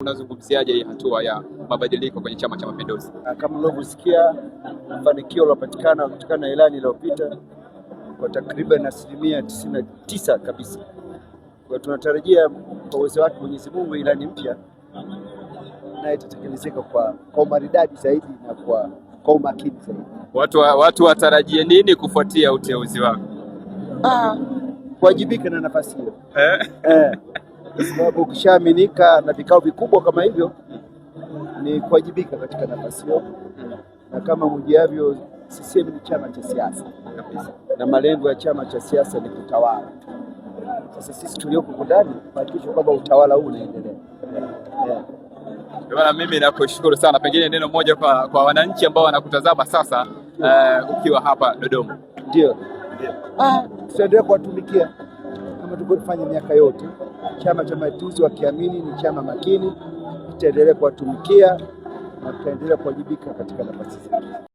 Unazungumziaje hii hatua ya mabadiliko kwenye Chama cha Mapinduzi? Kama mnavyosikia, mafanikio yaliyopatikana kutokana na ilani iliyopita kwa takriban asilimia tisini na tisa kabisa. Kwa tunatarajia kwa uwezo wake Mwenyezi Mungu, ilani mpya naye itatekelezeka kwa kwa umaridadi zaidi na kwa kwa umakini zaidi. Watu watu watarajie nini kufuatia uteuzi wako? Ah, kuwajibika na nafasi hiyo eh. Eh kwa sababu ukishaaminika na vikao vikubwa kama hivyo ni kuwajibika katika nafasi hiyo, na kama mjiavyo, CCM ni chama cha siasa na malengo ya chama cha siasa ni kutawala. Sasa sisi tulioko ndani kuhakikisha kwamba utawala huu unaendelea. Yeah. Bwana, mimi nakushukuru sana, pengine neno moja kwa, kwa wananchi ambao wanakutazama sasa, uh, ukiwa hapa Dodoma. Ndio, ah, tutaendelea kuwatumikia kama tulivyofanya miaka yote. Chama cha Mapinduzi wakiamini ni chama makini, kitaendelea kuwatumikia na tutaendelea kuwajibika katika nafasi zetu.